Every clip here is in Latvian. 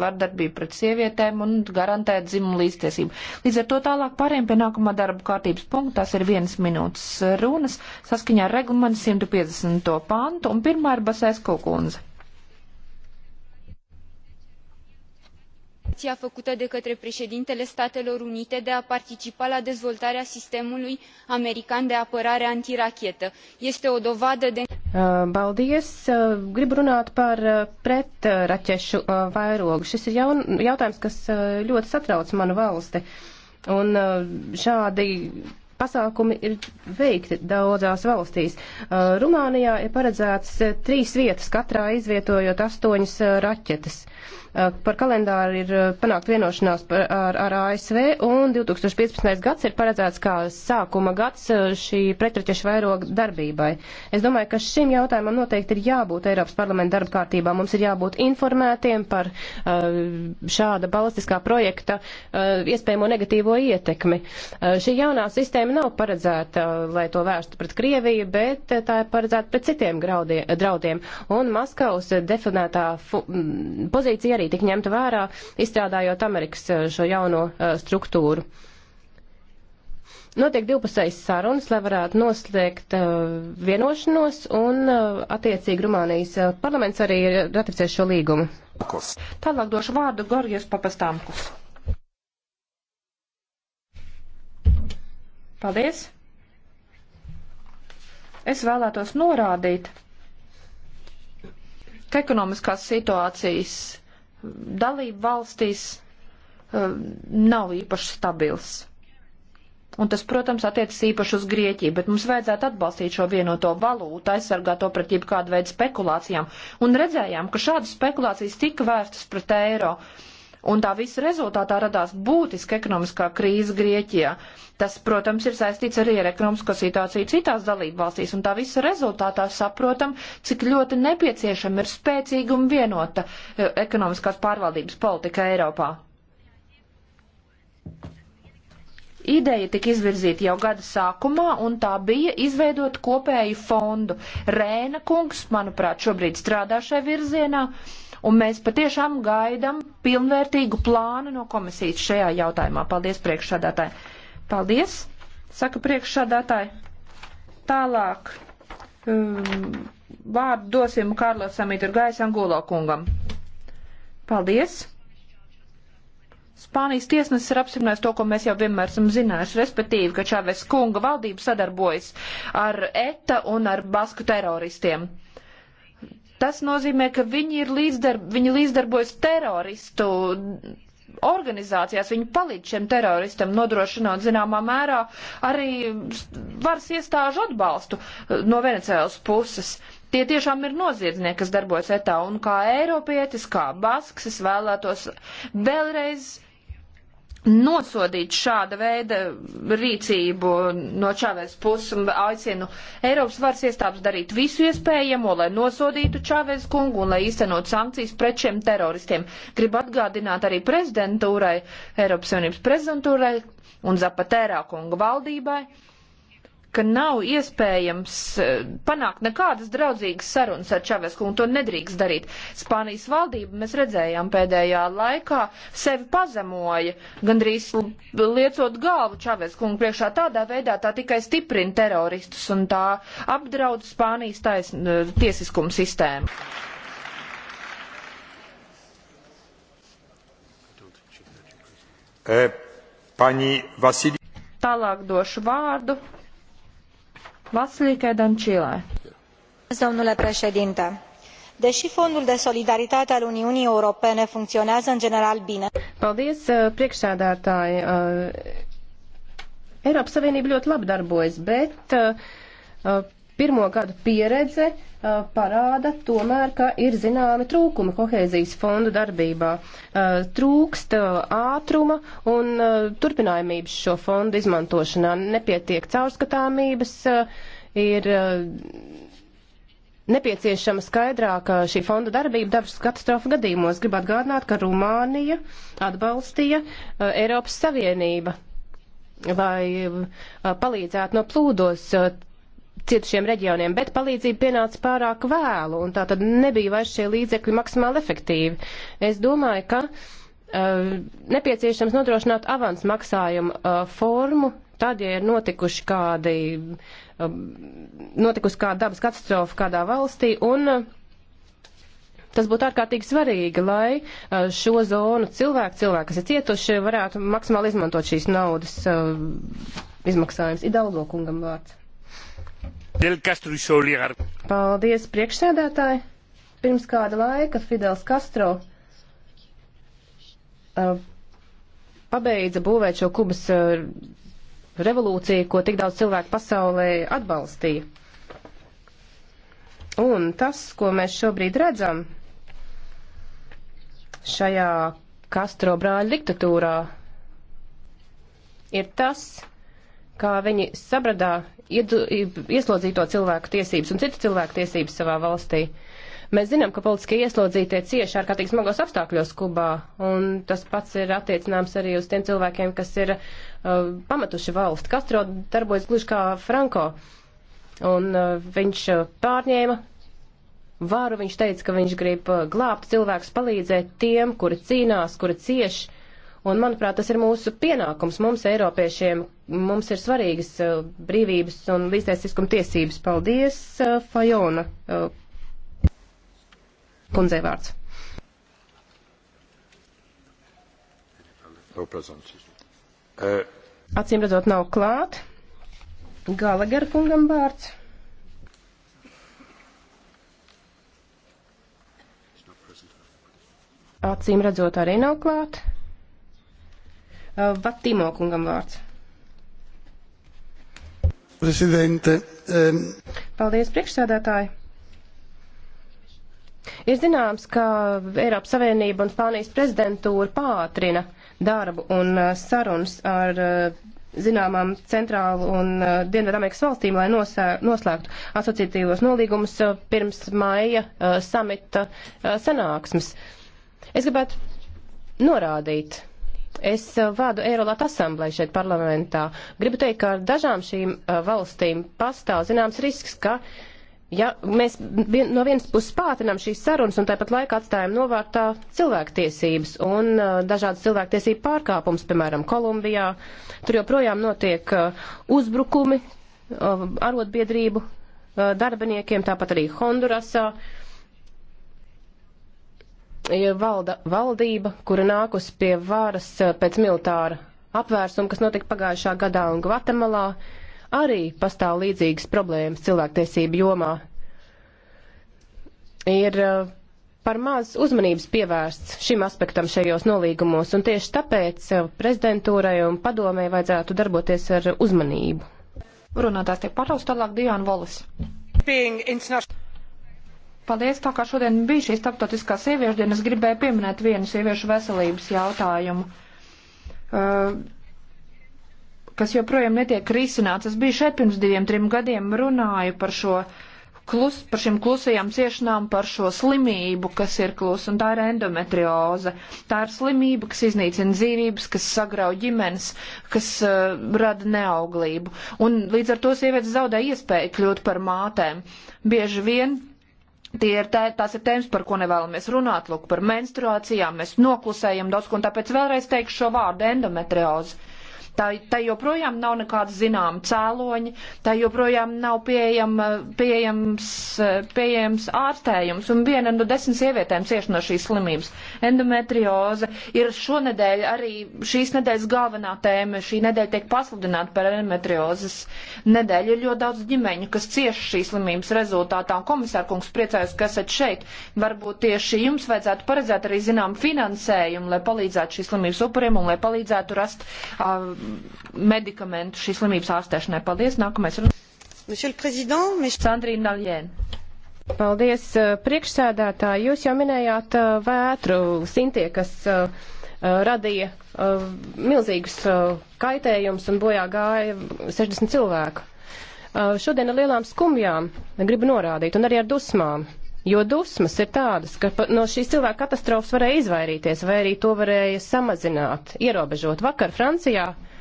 vardarbību pret sievietēm un garantēt dzimumu līdztiesību. Līdz ar to tālāk pārējiem pie nākamā darba kārtības punkta, tās ir vienas minūtes runas, saskaņā ar reglamentu 150. pantu, un pirmā ir Basēs Kukundze. declaraia făcută de către preedintele statelor unite de a participa la dezvoltarea sistemului american de apărare antirachetă este o dovadă de. Uh, baldies! Uh, gribu runāt par uh, pretraķešu vairogu. Šis ir jaun, jautājums, kas ļoti satrauc manu valsti. Un šādi pasākumi ir veikti daudzās valstīs. Rumānijā ir paredzēts trīs vietas, katrā izvietojot astoņas raķetes. Uh, Eh, par kalendāru ir eh, panākt vienošanās par, ar, ar ASV, un 2015. gads ir paredzēts kā sākuma gads eh, šī pretraķešu vairoga darbībai. Es domāju, ka šim jautājumam noteikti ir jābūt Eiropas parlamenta darba kārtībā. Mums ir jābūt informētiem par šāda balistiskā projekta iespējamo negatīvo ietekmi. Šī jaunā sistēma nav paredzēta, lai to vērstu pret Krieviju, bet tā ir paredzēta pret citiem graudie, draudiem. Un Maskavas definētā pozīcija pozīcija arī tik ņemta vērā, izstrādājot Amerikas eh, šo jauno eh, struktūru. Notiek divpusējas sarunas, lai varētu noslēgt eh, vienošanos, un attiecīgi Rumānijas parlaments arī ratificēs šo līgumu. Tālāk došu vārdu Gorgijas papastāmkus. Paldies! Es vēlētos norādīt, ka ekonomiskās situācijas dalību valstīs eh, nav īpaši stabils. Un tas, protams, attiecas īpaši uz Grieķiju, bet mums vajadzētu atbalstīt šo vienoto valūtu, aizsargāt to pret jebkādu veidu spekulācijām. Un redzējām, ka šādas spekulācijas tika vērstas pret eiro. Uh, un tā visa rezultātā radās būtiska ekonomiskā krīze Grieķijā. Tas, protams, ir saistīts arī ar ekonomisko situāciju citās dalību valstīs, un tā visa rezultātā saprotam, cik ļoti nepieciešama ir spēcīga un vienota eh, ekonomiskās pārvaldības politika Eiropā. Ideja tika izvirzīta jau gada sākumā, un tā bija izveidot kopēju fondu. Rēna kungs, manuprāt, šobrīd strādā šai virzienā. Uh, Un mēs patiešām gaidam pilnvērtīgu plānu no komisijas šajā jautājumā. Paldies priekšsādātāji. Paldies, saka priekšsādātāji. Tālāk um, vārdu dosim Kārlosam Iturgais Angulo kungam. Paldies. Spānijas tiesnesis ir apstiprinājis to, ko mēs jau vienmēr esam zinājuši, respektīvi, ka Čāves kunga valdība sadarbojas ar ETA un ar basku teroristiem. Tas nozīmē, ka viņi, ir līdzdarb, viņi līdzdarbojas teroristu organizācijās, viņi palīdz šiem teroristam nodrošinot zināmā mērā arī varas iestāžu atbalstu eh, no Venecēlas puses. Tie tiešām ir noziedznieki, kas darbojas etā, un kā eiropietis, kā basks, es vēlētos vēlreiz nosodīt šāda veida rīcību no Čāvēs puses un aicinu Eiropas varas iestādes darīt visu iespējamo, lai nosodītu Čāvēs kungu un lai īstenot sankcijas pret šiem teroristiem. Gribu atgādināt arī prezidentūrai, Eiropas Savienības prezidentūrai un Zapatērā kunga valdībai, ka nav iespējams eh, panākt nekādas draudzīgas sarunas ar Čaves kungu. To nedrīkst darīt. Spānijas valdība, mēs redzējām pēdējā laikā, sevi pazemoja, gandrīz liecot galvu Čaves kungu priekšā. Tādā veidā tā tikai stiprina teroristus un tā apdraud Spānijas tais, eh, tiesiskumu sistēmu. Eh, pani Vasili. Tālāk došu vārdu Vasilike Dancilă. Domnule președinte, deși fondul de solidaritate al Uniunii Europene funcționează în general bine. Paldies, uh, priekšsēdētāji. Uh, Eiropas Savienība ļoti labi darbojas, bet uh, Pirmo gadu pieredze uh, parāda tomēr, ka ir zināmi trūkumi kohēzijas fondu darbībā. Uh, trūkst uh, ātruma un uh, turpinājumības šo fondu izmantošanā. Nepietiek caurskatāmības. Uh, ir, uh, nepieciešama skaidrāka šī fonda darbība dabas katastrofu gadījumos. Gribu atgādināt, ka Rumānija atbalstīja uh, Eiropas Savienība, lai uh, palīdzētu no plūdos uh, cietušiem reģioniem, bet palīdzība pienāca pārāk vēlu, un tā tad nebija vairs šie līdzekļi maksimāli efektīvi. Es domāju, ka uh, nepieciešams nodrošināt avans maksājumu uh, formu, tad, ja ir notikuši kādi, uh, notikusi kāda dabas katastrofa kādā valstī, un uh, Tas būtu ārkārtīgi svarīgi, lai šo zonu cilvēki, cilvēki, kas ir cietuši, varētu maksimāli izmantot šīs naudas uh, izmaksājums. Idalgo kungam vārds. Paldies, priekšsēdētāji! Pirms kāda laika Fidels Castro uh, pabeidza būvēt šo Kubas uh, revolūciju, ko tik daudz cilvēku pasaulē atbalstīja. Un tas, ko mēs šobrīd redzam šajā Castro brāļa diktatūrā, ir tas, kā viņi sabradā iedu, ieslodzīto cilvēku tiesības un citu cilvēku tiesības savā valstī. Mēs zinām, ka politiskie ieslodzītie cieši ārkārtīgi smagos apstākļos Kubā, un tas pats ir attiecināms arī uz tiem cilvēkiem, kas ir uh, pametuši valsti. Kastro darbojas gluži kā Franko, un uh, viņš uh, pārņēma varu, viņš teica, ka viņš grib uh, glābt cilvēkus, palīdzēt tiem, kuri cīnās, kuri cieši. Un, manuprāt, tas ir mūsu pienākums. Mums, Eiropiešiem, mums ir svarīgas uh, brīvības un līdztiesiskuma tiesības. Paldies, uh, Fajona. Uh, kundzei vārds. Uh, acīm redzot, nav klāt. Galagar kungam vārds. Acīm redzot, arī nav klāt. Eh, Vatīmo kungam vārds. Prezidente. Um... Ehm, Paldies, priekšsēdētāji. Ir zināms, ka Eiropas Savienība un Spānijas prezidentūra pātrina darbu un eh, sarunas ar eh, zināmām centrālu un Dienvidamerikas valstīm, lai noslēgtu asociatīvos nolīgumus pirms maija samita sanāksmes. Es gribētu norādīt Es eh, vādu Eirolat asambleju šeit parlamentā. Gribu teikt, ka ar dažām šīm eh, valstīm pastāv zināms risks, ka ja mēs vien, no vienas puses pātrinām šīs sarunas un tāpat laikā atstājam novārtā cilvēktiesības un uh, dažādas cilvēktiesību pārkāpums, piemēram, Kolumbijā, tur joprojām notiek uh, uzbrukumi uh, arotbiedrību uh, darbiniekiem, tāpat arī Hondurasā. Uh, valda valdība, kura nākus pie varas eh, pēc militāra apvērsuma, kas notika pagājušā gadā un Gvatemalā, arī pastāv līdzīgas problēmas cilvēktiesību jomā. Ir eh, par maz uzmanības pievērsts šim aspektam šajos nolīgumos, un tieši tāpēc eh, prezidentūrai un padomē vajadzētu darboties ar uzmanību. Runātājs tiek pārtaust tālāk Diana Volis. Paldies, tā kā šodien bija šī starptautiskā sieviešu diena, es gribēju pieminēt vienu sieviešu veselības jautājumu, eh, kas joprojām netiek risināts. Es biju šeit pirms diviem, trim gadiem runāju par šo klus, par šīm klusajām ciešanām, par šo slimību, kas ir klusa, un tā ir endometrioze. Tā ir slimība, kas iznīcina dzīvības, kas sagrauj ģimenes, kas uh, rada neauglību. Un līdz ar to sievietes zaudē iespēju kļūt par mātēm. Bieži vien Tie ir tē, tās ir tēmas, par ko nevēlamies runāt, lūk, par menstruācijām, mēs noklusējam daudz, un tāpēc vēlreiz teikšu šo vārdu endometriozi Tā, tā joprojām nav nekāda zināma cēloņa, tā joprojām nav pieejama, pieejams, pieejams ārstējums, un viena no desmit sievietēm cieši no šīs slimības. Endometrioze ir šonedēļ arī šīs nedēļas galvenā tēma. Šī nedēļa tiek pasludināta par endometriozes nedēļu. Ir ļoti daudz ģimeņu, kas cieši šīs slimības rezultātā. Komisārkungs priecājos, ka esat šeit. Varbūt tieši jums vajadzētu paredzēt arī zinām finansējumu, lai palīdzētu šīs slimības upuriem un lai palīdzētu rast uh, medikamentu šīs slimības ārstēšanai. Paldies, nākamais runas. Sandrīna Naljēna. Paldies, uh, priekšsēdētāji. Jūs jau minējāt uh, vētru sintie, kas uh, radīja milzīgus kaitējumus un bojā gāja 60 cilvēku. Šodien ar lielām skumjām gribu norādīt un arī ar dusmām. Jo dusmas ir tādas, ka no šīs cilvēka katastrofas varēja izvairīties, vai arī to varēja samazināt, ierobežot. Vakar Francijā uh,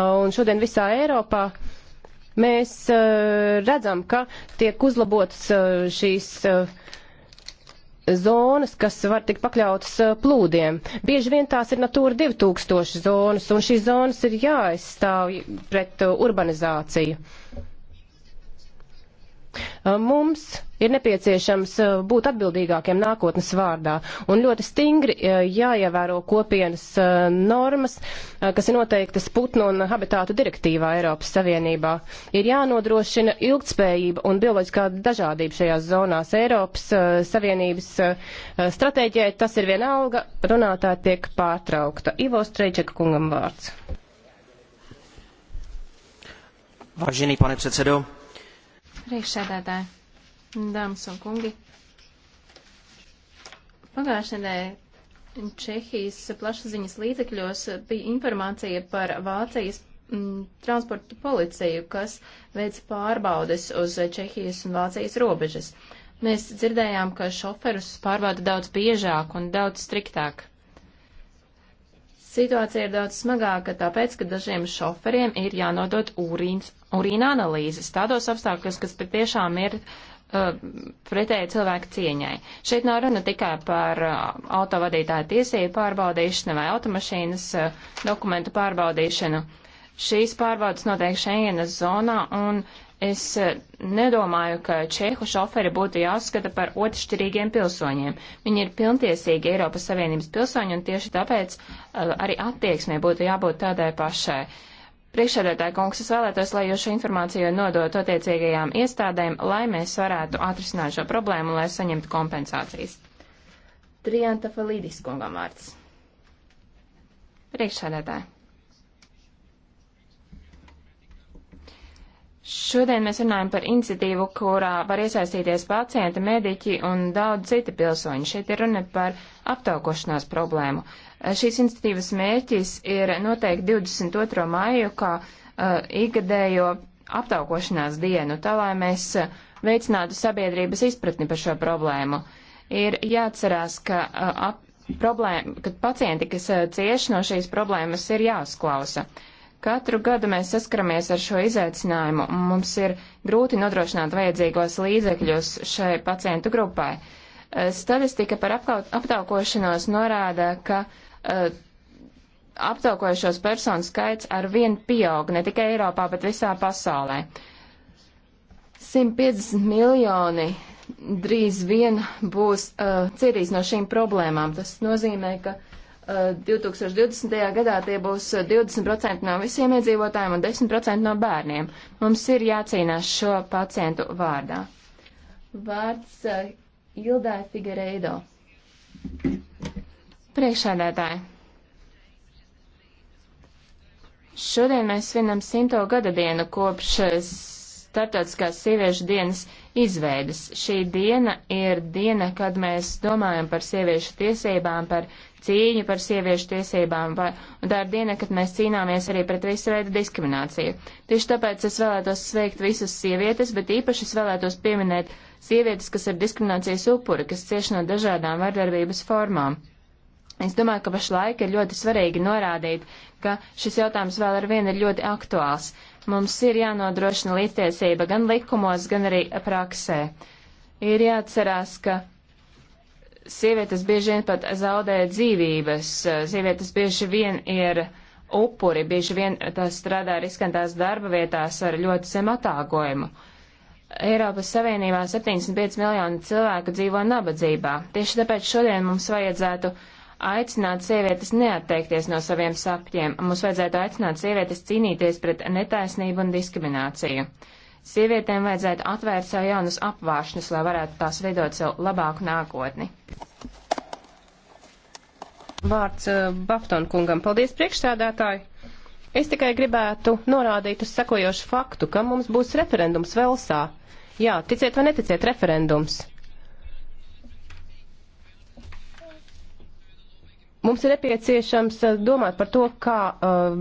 un šodien visā Eiropā mēs eh, redzam, ka tiek uzlabotas eh, šīs eh, zonas, kas var tikt pakļautas plūdiem. Bieži vien tās ir Natūra 2000 zonas, un šīs zonas ir jāaizstāv pret urbanizāciju. Mums ir nepieciešams būt atbildīgākiem nākotnes vārdā un ļoti stingri jāievēro kopienas normas, kas ir noteiktas putnu un habitātu direktīvā Eiropas Savienībā. Ir jānodrošina ilgtspējība un bioloģiskā dažādība šajās zonās Eiropas Savienības stratēģijai. Tas ir vienalga, runātāja tiek pārtraukta. Ivo Strejčeka kungam vārds. Vážený pane předsedo, priekšsēdētāji, dāmas un kungi. Pagājušajā nedēļā Čehijas plašsaziņas līdzekļos bija informācija par Vācijas m, mm, transportu policiju, kas veids pārbaudes uz Čehijas un Vācijas robežas. Mēs dzirdējām, ka šoferus pārbauda daudz biežāk un daudz striktāk. Situācija ir daudz smagāka, tāpēc, ka dažiem šoferiem ir jānodot urīns, urīna analīzes tādos apstākļos, kas patiešām ir uh, pretēji cilvēku cieņai. Šeit nav runa tikai par uh, autovadītāju tiesību pārbaudīšanu vai automašīnas uh, dokumentu pārbaudīšanu. Šīs pārbaudas notiek Schengenas zonā un Es eh, nedomāju, ka čehu šoferi būtu jāuzskata par otršķirīgiem pilsoņiem. Viņi ir pilntiesīgi Eiropas Savienības pilsoņi, un tieši tāpēc eh, arī attieksmē būtu jābūt tādai pašai. Priekšsēdētāja kungs, es vēlētos, lai jūs šo informāciju nodot attiecīgajām iestādēm, lai mēs varētu atrisināt šo problēmu un lai saņemtu kompensācijas. Trianta Falīdis kungam vārds. Priekšsēdētāja. Šodien mēs runājam par iniciatīvu, kurā var iesaistīties pacienti, mediķi un daudz citi pilsoņi. Šeit ir runa par aptaukošanās problēmu. Eh, šīs iniciatīvas mērķis ir noteikti 22. māju kā uh, ikgadējo aptaukošanās dienu, tā lai mēs eh, veicinātu sabiedrības izpratni par šo problēmu. Ir jāatcerās, ka, uh, ap, problēma, ka pacienti, kas uh, cieši no šīs problēmas, ir jāuzklausa. Uh, Katru gadu mēs saskaramies ar šo izaicinājumu, un mums ir grūti nodrošināt vajadzīgos līdzekļus šai pacientu grupai. Eh, statistika par aptaukošanos norāda, ka uh, aptaukojušos personu skaits ar vienu pieaug ne tikai Eiropā, bet visā pasaulē. 150 miljoni drīz vien būs uh, eh, cīrīs no šīm problēmām. Tas nozīmē, ka uh, 2020. Uh, gadā tie būs 20% no visiem iedzīvotājiem un 10% no bērniem. Mums ir jācīnās šo pacientu vārdā. Vārds uh, Ildai Figueiredo. Priekšādētāji. Šodien mēs svinam simto gada dienu kopš uh, Startautiskās sieviešu dienas izveidas. Šī diena ir diena, kad mēs domājam par sieviešu tiesībām, par cīņu par sieviešu tiesībām, vai, un tā ir diena, kad mēs cīnāmies arī pret visu veidu diskrimināciju. Tieši tāpēc es vēlētos sveikt visas sievietes, bet īpaši es vēlētos pieminēt sievietes, kas ir diskriminācijas upuri, kas cieši no dažādām vardarbības formām. Es domāju, ka pašlaik ir ļoti svarīgi norādīt, ka šis jautājums vēl ar vienu ir ļoti aktuāls. Mums ir jānodrošina līdztiesība gan likumos, gan arī praksē. Ir jāatcerās, ka sievietes bieži vien pat zaudē dzīvības, sievietes bieži vien ir upuri, bieži vien tās strādā riskantās darba vietās ar ļoti zem atāgojumu. Eiropas Savienībā 75 miljoni cilvēku dzīvo nabadzībā. Tieši tāpēc šodien mums vajadzētu aicināt sievietes neatteikties no saviem sapņiem. Mums vajadzētu aicināt sievietes cīnīties pret netaisnību un diskrimināciju. Sievietēm vajadzētu atvērt sev jaunas apvāršanas, lai varētu tās veidot sev labāku nākotni. Vārds uh, Bafton kungam. Paldies priekšsēdētāji! Es tikai gribētu norādīt uz sekojošu faktu, ka mums būs referendums Velsā. Jā, ticiet vai neticiet, referendums. Mums ir nepieciešams eh, domāt par to, kā uh,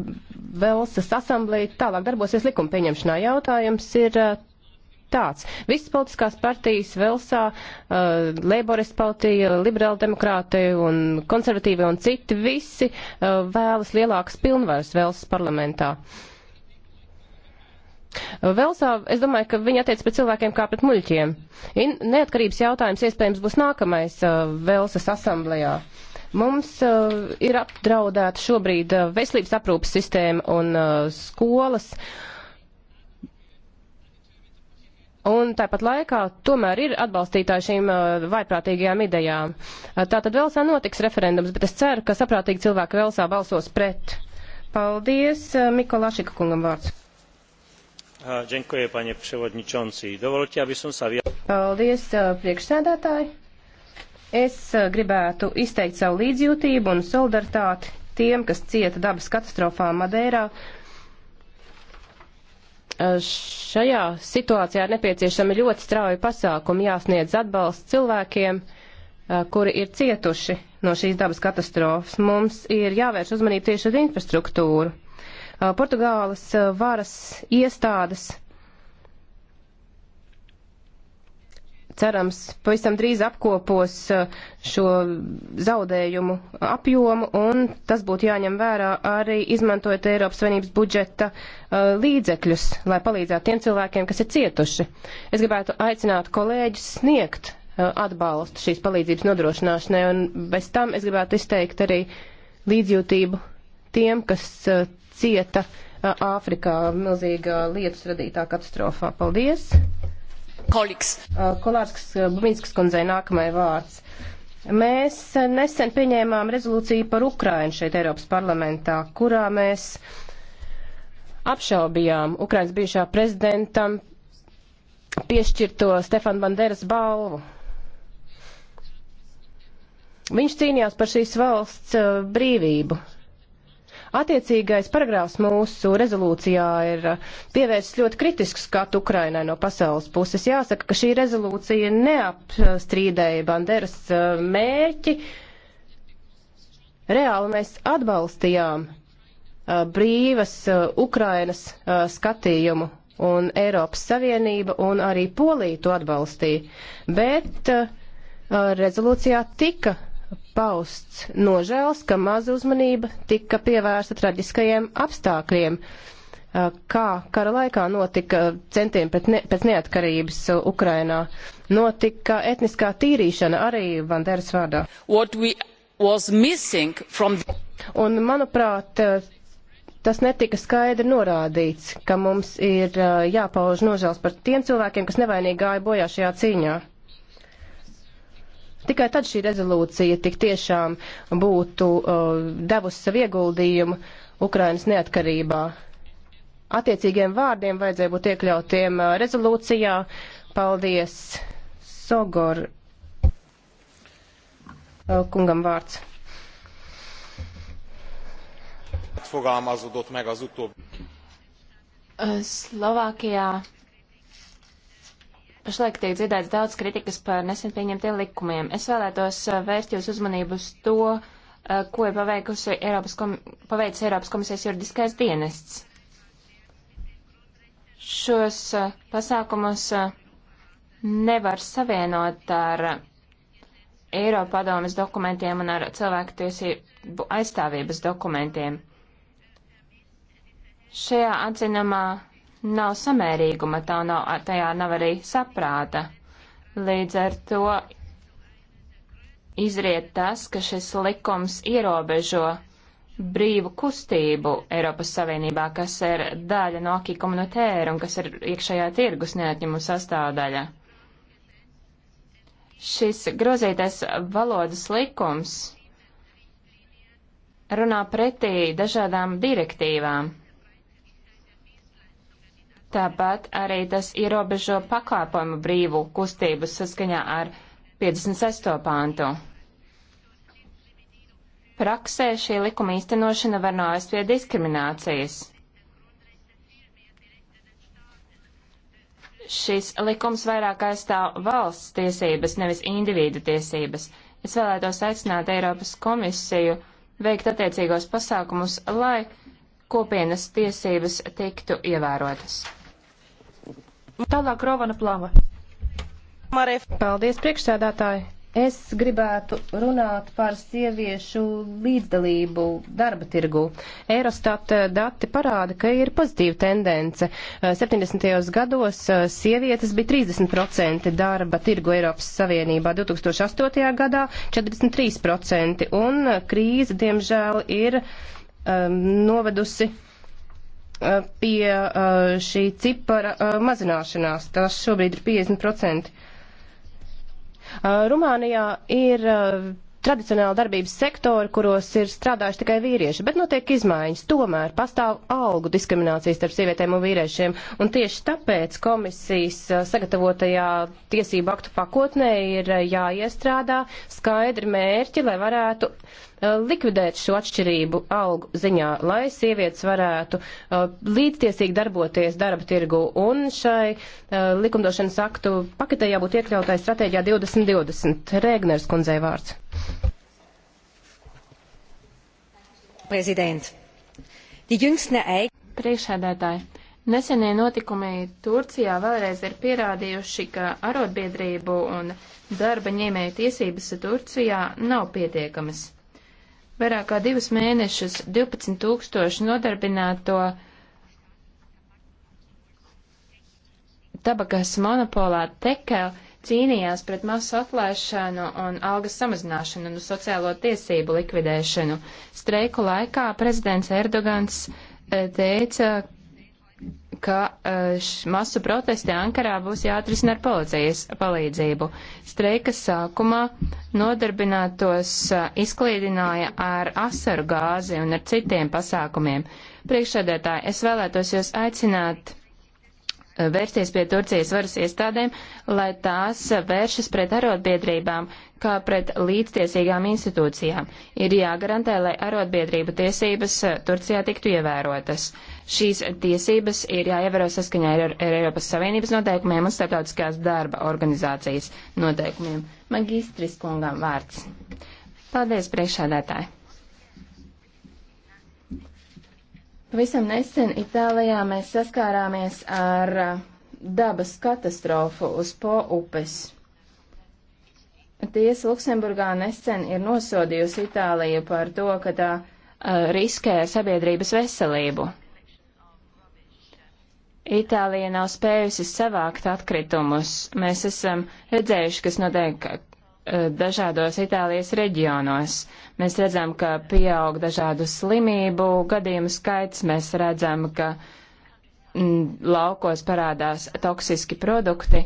Velsas asamblēja tālāk darbosies likuma pieņemšanā. Jautājums ir uh, tāds. Visas politiskās partijas Velsā, uh, Leiboristu partija, liberāla demokrāti un konservatīvi un citi visi uh, vēlas lielākas pilnvaras Velsas parlamentā. Velsā, es domāju, ka viņi attiec pret cilvēkiem kā pret muļķiem. In neatkarības jautājums iespējams būs nākamais uh, Velsas asamblējā. Uh, Mums uh, ir apdraudēta šobrīd uh, veselības aprūpas sistēma un uh, skolas. Un tāpat laikā tomēr ir atbalstītāji šīm uh, vaiprātīgajām idejām. Uh, tā tad Velsā notiks referendums, bet es ceru, ka saprātīgi cilvēki Velsā balsos pret. Paldies, uh, Mikola Šika kungam vārds. Dziękuję, panie przewodniczący. Dovolte, aby som sa vyjadril. Paldies, uh, priekšsēdētāji. Es eh, gribētu izteikt savu līdzjūtību un solidaritāti tiem, kas cieta dabas katastrofā Madeirā. Eh, šajā situācijā ir nepieciešami ļoti strauji pasākumi, jāsniedz atbalsts cilvēkiem, eh, kuri ir cietuši no šīs dabas katastrofas. Mums ir jāvērš uzmanība tieši uz infrastruktūru. Portugāles varas iestādes cerams pavisam drīz apkopos eh, šo zaudējumu apjomu, un tas būtu jāņem vērā arī izmantojot Eiropas Savienības budžeta eh, līdzekļus, lai palīdzētu tiem cilvēkiem, kas ir cietuši. Es gribētu aicināt kolēģus sniegt eh, atbalstu šīs palīdzības nodrošināšanai, un bez tam es gribētu izteikt arī līdzjūtību tiem, kas cieta Āfrikā milzīgā lietus radītā katastrofā. Paldies! Koliks. Uh, Kolārskas uh, Bumīnskas kundzei nākamai vārds. Mēs uh, nesen pieņēmām rezolūciju par Ukrainu šeit Eiropas parlamentā, kurā mēs apšaubījām Ukrainas bijušā prezidentam piešķirto Stefan Banderas balvu. Viņš cīnījās par šīs valsts brīvību, Attiecīgais paragrāfs mūsu rezolūcijā ir uh, pievērsts ļoti kritisku skatu Ukrainai no pasaules puses. Jāsaka, ka šī rezolūcija neapstrīdēja banderas uh, mērķi. Reāli mēs atbalstījām uh, brīvas Ukrainas skatījumu un Eiropas Savienība un arī Polija to atbalstīja. Bet rezolūcijā tika pausts nožēls, ka maza uzmanība tika pievērsta traģiskajiem apstākļiem, uh, kā kara laikā notika centieni pēc, ne, pēc neatkarības Ukrainā. Notika etniskā tīrīšana arī Vanderas vārdā. From... Un, manuprāt, uh, tas netika skaidri norādīts, ka mums ir uh, jāpauž nožēls par tiem cilvēkiem, kas nevainīgi gāja bojā šajā cīņā. Tikai tad šī rezolūcija tik tiešām būtu uh, devusi savu ieguldījumu Ukrainas neatkarībā. Attiecīgiem vārdiem vajadzēja būt iekļautiem uh, rezolūcijā. Paldies, Sogor. Uh, kungam vārds. Fogalmazódott meg az utóbbi. Szlovákiá Pašlaik tiek dzirdēts daudz kritikas par nesen pieņemtiem likumiem. Es vēlētos uh, vērst jūs uzmanību uz to, uh, ko ir paveikusi Eiropas, kom paveicis Eiropas komisijas juridiskais dienests. Šos uh, pasākumus nevar savienot ar Eiropa padomas dokumentiem un ar cilvēktiesību aizstāvības dokumentiem. Šajā atzinumā nav samērīguma, tā nav, tajā nav arī saprāta. Līdz ar to izriet tas, ka šis likums ierobežo brīvu kustību Eiropas Savienībā, kas ir daļa no akī komunitēra un kas ir iekšējā tirgus neatņemu sastāvdaļa. Šis grozītais valodas likums runā pretī dažādām direktīvām. Tāpat arī tas ierobežo pakāpojumu brīvu kustību saskaņā ar 56. pāntu. Praksē šī likuma īstenošana var novest pie diskriminācijas. Šis likums vairāk aizstāv valsts tiesības, nevis individu tiesības. Es vēlētos aicināt Eiropas komisiju veikt attiecīgos pasākumus, lai kopienas tiesības tiktu ievērotas. Tālāk Rovana Plama. Paldies, priekšsēdētāji. Es gribētu runāt par sieviešu līdzdalību darba tirgu. Eurostat eh, dati parāda, ka ir pozitīva tendence. 70. Eh, gados eh, sievietes bija 30% darba tirgu Eiropas Savienībā, 2008. gadā 43%, un krīze, diemžēl, ir um, novedusi Eh, pie eh, šī cipara eh, mazināšanās. Tas šobrīd ir 50%. Rumānijā ir tradicionāli darbības sektori, kuros ir strādājuši tikai vīrieši, bet notiek izmaiņas. Tomēr pastāv algu diskriminācijas starp sievietēm un vīriešiem, un tieši tāpēc komisijas sagatavotajā tiesību aktu pakotnē ir jāiestrādā skaidri mērķi, lai varētu uh, Uh, likvidēt šo atšķirību algu ziņā, lai sievietes varētu uh, līdztiesīgi darboties darba tirgu. Un šai uh, likumdošanas aktu paketē jābūt iekļautai stratēģijā 2020. Rēgners kundzei vārds. Prezident. Priekšsēdētāji, Nesenie notikumi Turcijā vēlreiz ir pierādījuši, ka arotbiedrību un darba ņēmēju tiesības Turcijā nav pietiekamas. Vairāk kā divus mēnešus 12 tūkstoši nodarbināto tabakas monopolā tekel cīnījās pret masu atlaišanu un algas samazināšanu un sociālo tiesību likvidēšanu. Streiku laikā prezidents Erdogans eh, teica, ka e, masu protesti Ankarā būs jāatrisina ar policijas palīdzību. Streikas sākumā nodarbinātos e, izklīdināja ar asaru gāzi un ar citiem pasākumiem. Priekšsēdētāji, es vēlētos jūs aicināt Eh, vērsties pie Turcijas varas iestādēm, lai tās vēršas pret arotbiedrībām, kā pret līdztiesīgām institūcijām. Ir jāgarantē, lai arotbiedrību tiesības eh, Turcijā tiktu ievērotas. Šīs tiesības ir jāievēro saskaņā ar, ar Eiropas Savienības noteikumiem un starptautiskās darba organizācijas noteikumiem. Magistris kungam vārds. Paldies, priekšādētāji! Pavisam nesen Itālijā mēs saskārāmies ar eh, dabas katastrofu uz Po upes. Tiesa Luksemburgā nesen ir nosodījusi Itāliju par to, ka tā uh, riskē ar sabiedrības veselību. Itālija nav spējusi savākt atkritumus. Mēs esam redzējuši, kas notiek Eh, dažādos Itālijas reģionos. Mēs redzam, ka pieaug dažādu slimību gadījumu skaits, mēs redzam, ka mm, laukos parādās toksiski produkti.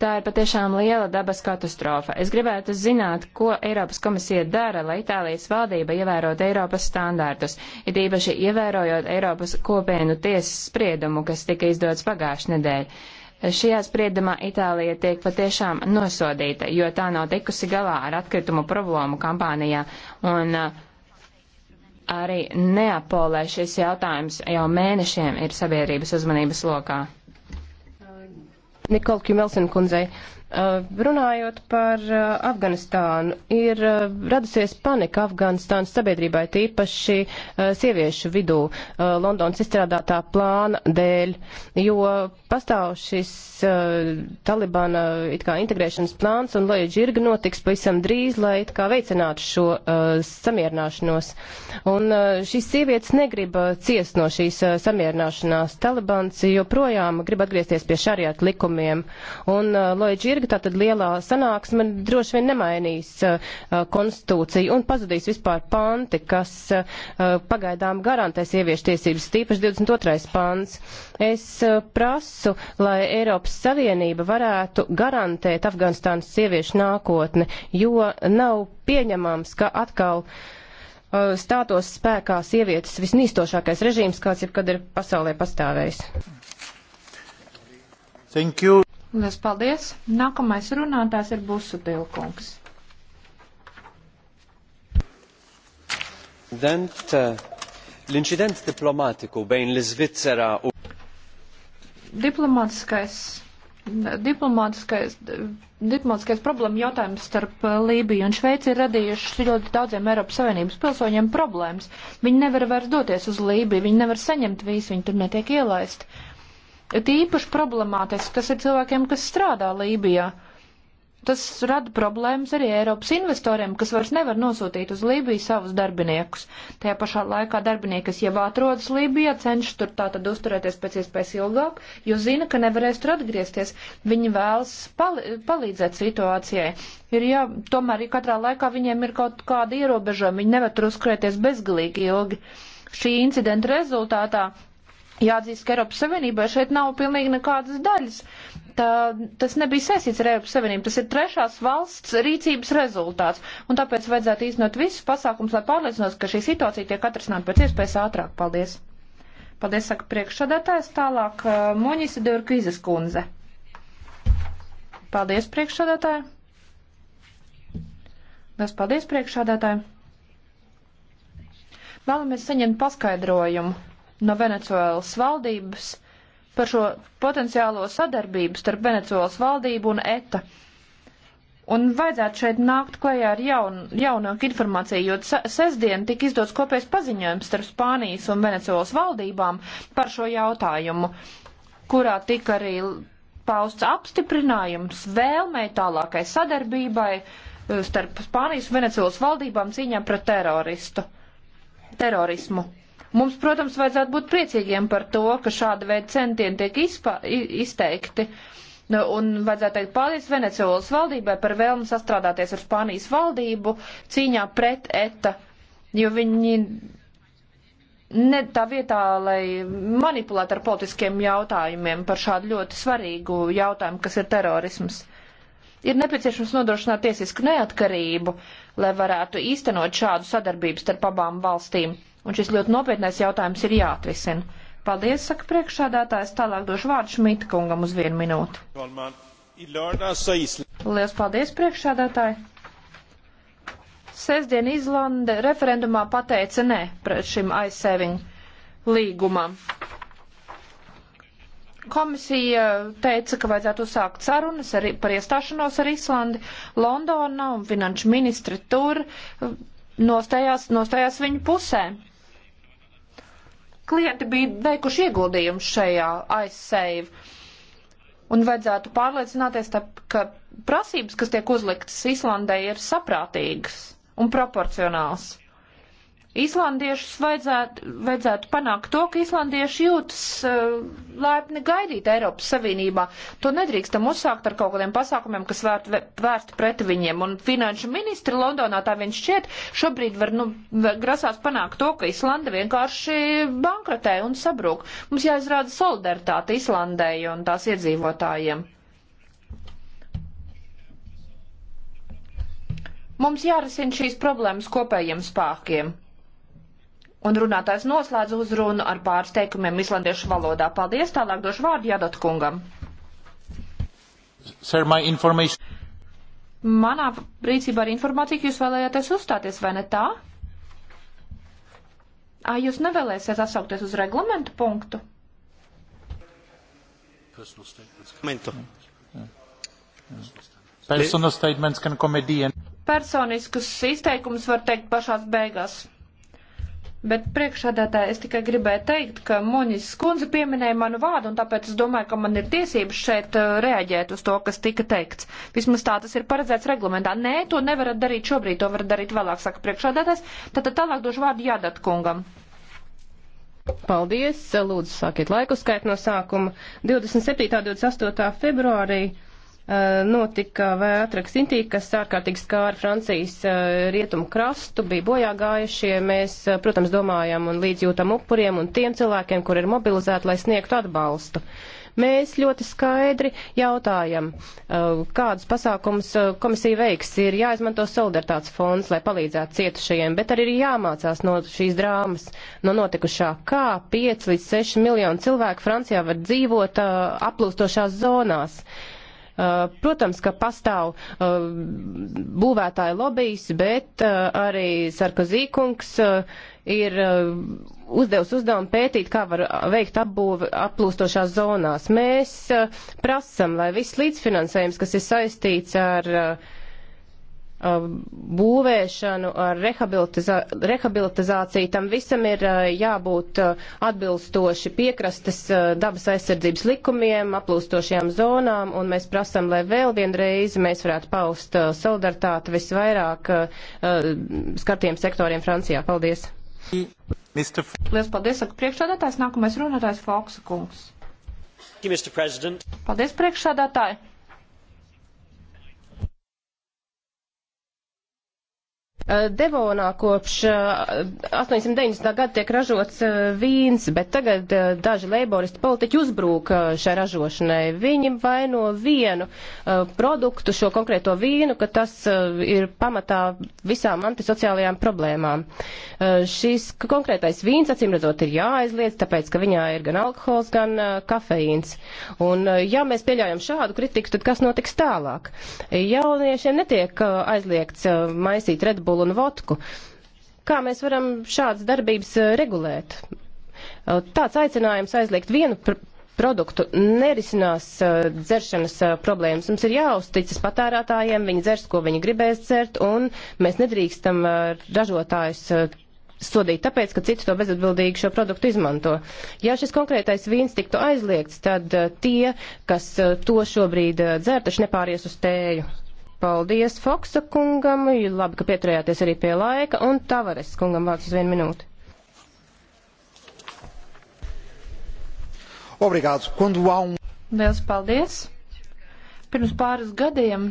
Tā ir patiešām liela dabas katastrofa. Es gribētu zināt, ko Eiropas komisija dara, lai Itālijas valdība ievērot Eiropas standārtus, it īpaši ievērojot Eiropas kopienu tiesas spriedumu, kas tika izdots pagājušajā nedēļā. Šajā spriedumā Itālija tiek patiešām nosodīta, jo tā nav tikusi galā ar atkritumu problēmu kampānijā. Un uh, arī Neapolē šis jautājums jau mēnešiem ir sabiedrības uzmanības lokā. Nikola Kimelsen kundzei. Uh, runājot par uh, Afganistānu, ir uh, radusies panika Afganistānas sabiedrībai, tīpaši sieviešu vidū Londonas izstrādātā plāna dēļ, jo pastāv šis Talibana it kā integrēšanas plāns un lai žirga notiks pavisam drīz, lai it kā veicinātu šo samierināšanos. Un šīs sievietes negrib ciest no šīs samierināšanās. Talibans joprojām grib atgriezties pie šariāta likumiem. Un, lai, tirgu, tātad lielā sanāksme droši vien nemainīs uh, uh, konstitūciju un pazudīs vispār panti, kas uh, pagaidām garantēs ieviešu tiesības, tīpaši 22. pants. Es prasu, lai Eiropas Savienība varētu garantēt Afganistānas sieviešu nākotni, jo nav pieņemams, ka atkal stātos spēkā sievietes visnīstošākais režīms, kāds jebkad ir pasaulē pastāvējis. Thank you. Lielas paldies. Nākamais runātājs ir Busutilkungs. Dent, uh, l-inċident diplomatiku bejn l-Svizzera u. Diplomātiskais diplomātiskais, diplomātiskais problēma jautājums starp uh, Lībiju un Šveici ir radījuši ļoti daudziem Eiropas Savienības pilsoņiem problēmas. Viņi nevar vairs doties uz Lībiju, viņi nevar saņemt vīzu, viņi tur netiek ielaisti. Tīpaši problemātiski tas ir cilvēkiem, kas strādā Lībijā. Tas rada problēmas arī Eiropas investoriem, kas vairs nevar nosūtīt uz Lībiju savus darbiniekus. Tajā pašā laikā darbinieki, kas jau atrodas Lībijā, cenšas tur tātad uzturēties pēc iespējas ilgāk, jo zina, ka nevarēs tur atgriezties. Viņi vēlas pali palīdzēt situācijai. Ir jā, tomēr ja katrā laikā viņiem ir kaut kāda ierobežojuma, viņi nevar tur uzkrēties bezgalīgi ilgi. Šī incidenta rezultātā Jāatzīst, ka Eiropas Savienībai šeit nav pilnīgi nekādas daļas. Tā, tas nebija saistīts ar Eiropas Savienību, tas ir trešās valsts rīcības rezultāts. Un tāpēc vajadzētu īstenot visus pasākums, lai pārliecinos, ka šī situācija tiek atrisināta pēc iespējas ātrāk. Paldies! Paldies, saka priekšsādātājs. Tālāk uh, Moņisa Dörkvīzes kundze. Paldies, priekšsādātāji! Liels paldies, priekšsādātāji! Vēlamies saņemt paskaidrojumu no Venecuēlas valdības par šo potenciālo sadarbību starp Venecuēlas valdību un ETA. Un vajadzētu šeit nākt klajā ar jaun, jaunāku informāciju, jo sestdien tika izdots kopējs paziņojums starp Spānijas un Venecuēlas valdībām par šo jautājumu, kurā tika arī pausts apstiprinājums vēlmei tālākai sadarbībai eh, starp Spānijas un Venecuēlas valdībām cīņā pret teroristu, terorismu. Mums, protams, vajadzētu būt priecīgiem par to, ka šāda veida centieni tiek izpa, izteikti. Un vajadzētu teikt paldies Venecuolas valdībai par vēlmu sastrādāties ar Spānijas valdību cīņā pret ETA, jo viņi ne tā vietā, lai manipulētu ar politiskiem jautājumiem par šādu ļoti svarīgu jautājumu, kas ir terorisms ir nepieciešams nodrošināt tiesisku neatkarību, lai varētu īstenot šādu sadarbību starp abām valstīm. Un šis ļoti nopietnais jautājums ir jāatrisina. Paldies, saka priekšsādātājs. Tālāk došu vārdu Šmita kungam uz vienu minūtu. Lielas paldies, priekšsādātāji. Sesdien Izlande referendumā pateica nē pret šim aizseviņu līgumam. Komisija teica, ka vajadzētu uzsākt sarunas ar, par iestāšanos ar Islandi Londonā un finanšu ministri tur nostājās, nostājās viņu pusē klienti bija veikuši ieguldījumus šajā aizsēju. Un vajadzētu pārliecināties, tā, ka prasības, kas tiek uzliktas Islandai, ir saprātīgas un proporcionāls. Islandiešus vajadzētu, vajadzētu panākt to, ka islandieši jūtas uh, laipni gaidīt Eiropas Savienībā. To nedrīkstam uzsākt ar kaut kādiem pasākumiem, kas vērt, vērsti pret viņiem. Un finanšu ministri Londonā tā viens šķiet šobrīd var, nu, grasās panākt to, ka Islanda vienkārši bankrotē un sabrūk. Mums jāizrāda solidaritāte Islandai un tās iedzīvotājiem. Mums jārisina šīs problēmas kopējiem spēkiem. Un runātājs noslēdz uzrunu ar pāris teikumiem islandiešu valodā. Paldies, tālāk došu vārdu Jadot kungam. Sir, my information. Manā rīcībā ir informācija, ka jūs vēlējāties uzstāties, vai ne tā? Ā, jūs nevēlēsiet atsaukties uz reglamentu punktu? Personal statements. Mento. Yeah. Yeah. Personal statements can comedian. Personiskus izteikumus var teikt pašās beigās. Bet priekšādātāji es tikai gribēju teikt, ka Muņis skundze pieminēja manu vārdu, un tāpēc es domāju, ka man ir tiesības šeit uh, rēģēt uz to, kas tika teikts. Vismaz tā tas ir paredzēts reglamentā. Nē, to nevarat darīt šobrīd, to varat darīt vēlāk, saka priekšādātājs. Tātad tālāk došu vārdu jādat kungam. Paldies, lūdzu, sākiet laiku skaitu no sākuma. 27. un 28. februārī Eh, notika vētra Ksintī, kas ārkārtīgi skāra Francijas eh, rietumu krastu, bija bojā gājušie. Mēs, eh, protams, domājam un līdzjūtam upuriem un tiem cilvēkiem, kur ir mobilizēti, lai sniegtu atbalstu. Mēs ļoti skaidri jautājam, kādus pasākumus komisija veiks. Ir jāizmanto solidaritātes fonds, lai palīdzētu cietušajiem, bet arī ir jāmācās no šīs drāmas, no notikušā, kā 5 līdz 6 miljonu cilvēku Francijā var dzīvot aplūstošās zonās. Uh, Uh, protams, ka pastāv uh, būvētāja lobijas, bet uh, arī Sarkozī kungs ir uzdevusi uzdevumu pētīt, kā var veikt apbūvi aplūstošās zonās. Mēs prasam, lai viss līdzfinansējums, kas ir saistīts ar uh, Um, būvēšanu, ar rehabilitizā, rehabilitizāciju, tam visam ir uh, jābūt uh, atbilstoši piekrastes uh, dabas aizsardzības likumiem, aplūstošajām zonām, un mēs prasam, lai vēl vienreiz mēs varētu paust solidaritāti visvairāk skartiem sektoriem Francijā. Paldies! Lielas paldies, saka priekšādātājs, nākamais runātājs Foksa kungs. Paldies, priekšādātāji! Eh, Devonā kopš 890. Eh, gada tiek ražots eh, vīns, bet tagad daži leiboristi politiķi uzbrūk šai ražošanai. Viņi vaino vienu produktu, šo konkrēto vīnu, ka tas ir pamatā visām antisociālajām problēmām. Šis konkrētais vīns, acīm redzot, ir jāaizliedz, tāpēc, ka viņā ir gan alkohols, gan kafeīns. Un ja mēs pieļaujam šādu kritiku, tad kas notiks tālāk? Jauniešiem netiek aizliegts maisīt redbulu alkoholu un vodku. Kā mēs varam šādas darbības eh, regulēt? Eh, tāds aicinājums aizliegt vienu produktu nerisinās uh, dzeršanas uh, problēmas. Mums ir jāuzticas patērētājiem, viņi dzers, ko viņi gribēs dzert, un mēs nedrīkstam uh, ražotājus. Uh, Sodīt tāpēc, ka citi to bezatbildīgi šo produktu izmanto. Ja šis konkrētais vīns tiktu aizliegts, tad uh, tie, kas uh, to šobrīd uh, dzērtaši, nepāries uz tēju. Paldies Foksa kungam, labi, ka pieturējāties arī pie laika, un Tavares kungam vārds uz vienu minūti. Obrigāts, kundu um- vaun. Liels paldies. Pirms pāris gadiem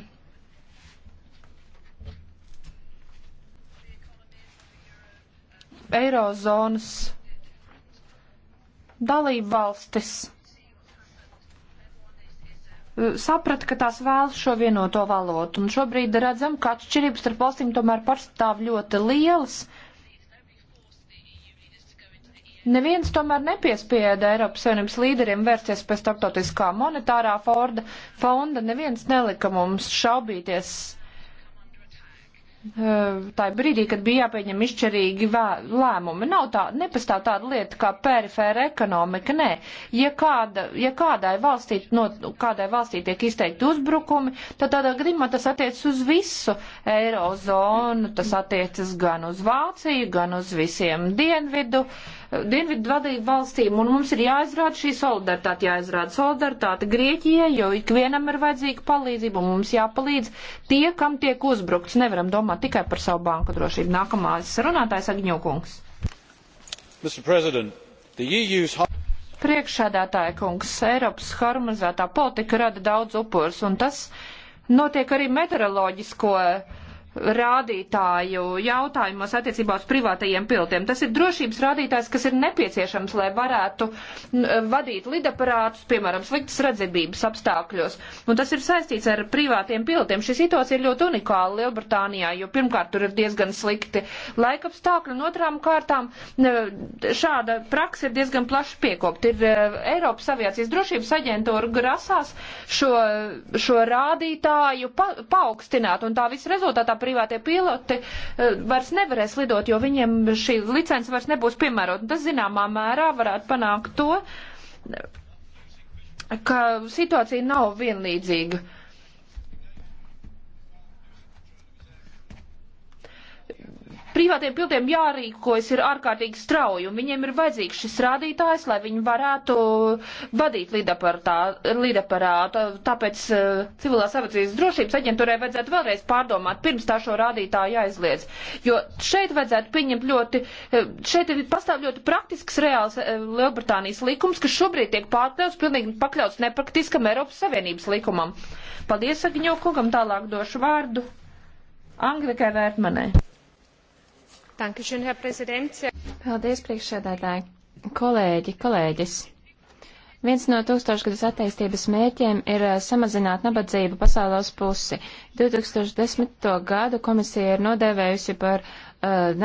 Eirozonas dalību valstis saprata, ka tās vēlas šo vienoto valotu. Un šobrīd redzam, ka atšķirības starp valstīm tomēr pastāv ļoti lielas. Neviens tomēr nepiespieda Eiropas Savienības līderiem vērsties pēc starptautiskā monetārā forda, fonda. Neviens nelika mums šaubīties Eh, tā brīdī, kad bija jāpieņem izšķirīgi lēmumi. Nav tā, nepastāv tāda lieta kā perifēra ekonomika, nē. Ja, kāda, ja kādai, valstī, no, kādai valstī tiek izteikti uzbrukumi, tad tādā gadījumā tas attiecas uz visu eirozonu, tas attiecas gan uz Vāciju, gan uz visiem dienvidu, eh, dienvidu vadību valstīm, un mums ir jāizrāda šī solidaritāte, jāizrāda solidaritāte Grieķijai, jo ikvienam ir vajadzīga palīdzība, un mums jāpalīdz tie, kam tiek uzbrukts. Nevaram domāt domā tikai par savu banku drošību. Nākamās runātājs Agņokungs. EU's... E Priekšsēdētāja kungs, Eiropas harmonizētā politika rada daudz upurs, un tas notiek arī meteoroloģisko uh, rādītāju jautājumos attiecībā uz privātajiem piltiem. Tas ir drošības rādītājs, kas ir nepieciešams, lai varētu vadīt lidaparātus, piemēram, sliktas redzamības apstākļos. Un tas ir saistīts ar privātiem piltiem. Šī situācija ir ļoti unikāla Lielbritānijā, jo pirmkārt tur ir diezgan slikti laikapstākļi, un otrām kārtām šāda praksa ir diezgan plaši piekopta. Ir e, Eiropas aviācijas drošības aģentūra grasās šo, šo rādītāju pa, paaugstināt, un tā visu rezultātā privātie piloti eh, vairs nevarēs lidot, jo viņiem šī licence vairs nebūs piemērota. Tas zināmā mērā varētu panākt to, ka situācija nav vienlīdzīga. privātiem piltiem jārīkojas ir ārkārtīgi strauji, un viņiem ir vajadzīgs šis rādītājs, lai viņi varētu vadīt lidaparātu. Tāpēc eh, civilās aviācijas drošības aģentūrai vajadzētu vēlreiz pārdomāt, pirms tā šo rādītāju aizliedz. Jo šeit vajadzētu pieņemt ļoti, eh, šeit ir pastāv ļoti praktisks reāls eh, Lielbritānijas likums, kas šobrīd tiek pārkļauts, pilnīgi pakļauts nepraktiskam Eiropas Savienības likumam. Paldies, Agņokungam, tālāk došu vārdu. Anglikai Vērtmanai. Paldies, priekšsēdētāji. Kolēģi, kolēģis. Viens no tūkstošgadus attīstības mērķiem ir eh, samazināt nabadzību pasaulē uz pusi. 2010. gadu komisija ir nodēvējusi par uh,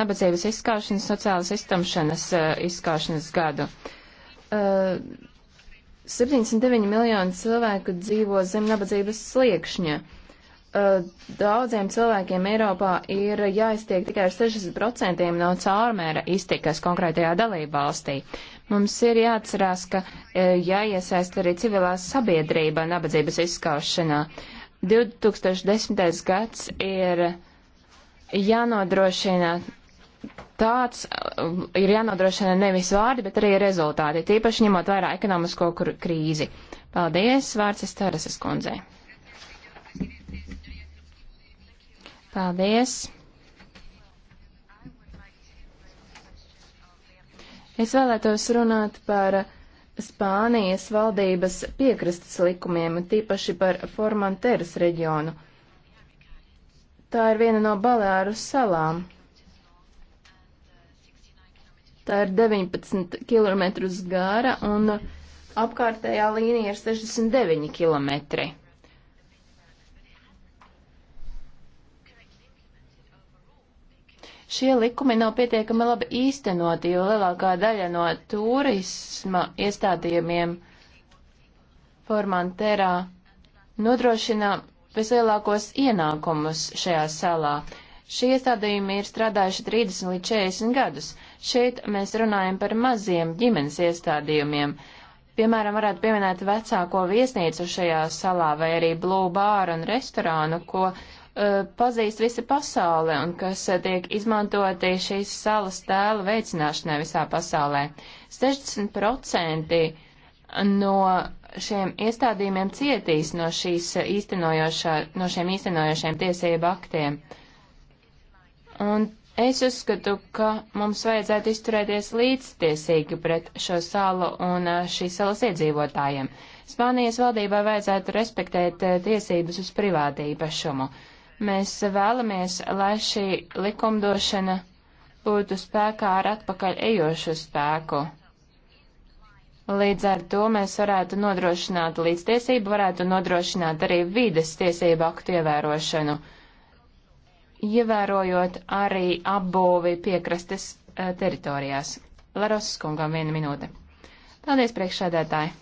nabadzības izskaušanas, sociālas iztumšanas uh, eh, izskaušanas gadu. Uh, 79 miljoni cilvēku dzīvo zem nabadzības sliekšņa. Uh, Eh, daudziem cilvēkiem Eiropā ir jāiztiek tikai ar 60% no caurmēra iztikas konkrētajā dalībvalstī. Mums ir jāatcerās, ka eh, jāiesaist arī civilā sabiedrība nabadzības izskaušanā. 2010. gads ir jānodrošina tāds, eh, ir jānodrošina nevis vārdi, bet arī rezultāti, tīpaši ņemot vērā ekonomisko krīzi. Paldies, vārds ir Tarases kundzei. Paldies! Es vēlētos runāt par Spānijas valdības piekrastes likumiem, tīpaši par Formanteras reģionu. Tā ir viena no Balēru salām. Tā ir 19 km gara un apkārtējā līnija ir 69 km. Šie likumi nav pietiekami labi īstenoti, jo lielākā daļa no turisma iestādījumiem Formanterā nodrošina vislielākos ienākumus šajā salā. Šie iestādījumi ir strādājuši 30 līdz 40 gadus. Šeit mēs runājam par maziem ģimenes iestādījumiem. Piemēram, varētu pieminēt vecāko viesnīcu šajā salā vai arī blue bāru un restorānu, ko Eh, pazīst visa pasaule un kas eh, tiek izmantoti šīs salas tēla veicināšanai visā pasaulē. 60% no šiem iestādījumiem cietīs no, eh, no šiem īstenojošiem tiesību aktiem. Un es uzskatu, ka mums vajadzētu izturēties līdztiesīgi pret šo salu un šīs salas iedzīvotājiem. Spānijas valdībai vajadzētu respektēt tiesības uz privātīpašumu. pašumu. Mēs vēlamies, lai šī likumdošana būtu spēkā ar atpakaļ ejošu spēku. Līdz ar to mēs varētu nodrošināt līdztiesību, varētu nodrošināt arī vides tiesību aktu ievērošanu, ievērojot arī apbūvi piekrastes eh, teritorijās. Larosas kungam viena minūte. Paldies priekšsēdētāji!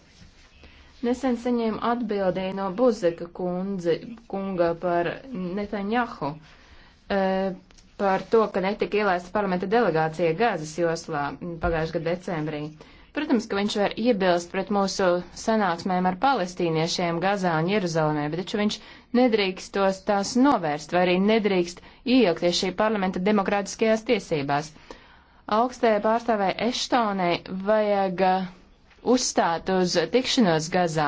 Nesen saņēmu atbildī no Buzeka kundzi, kunga par Netanjahu, e, par to, ka netika ielaista parlamenta delegācija Gāzes joslā pagājušā gada decembrī. Protams, ka viņš var iebilst pret mūsu sanāksmēm ar palestīniešiem Gazā un Jeruzalemē, bet taču viņš nedrīkst tos tās novērst vai arī nedrīkst iejaukties šī parlamenta demokrātiskajās tiesībās. Augstajai pārstāvē Eštonai vajag uh, uzstāt uz tikšanos Gazā.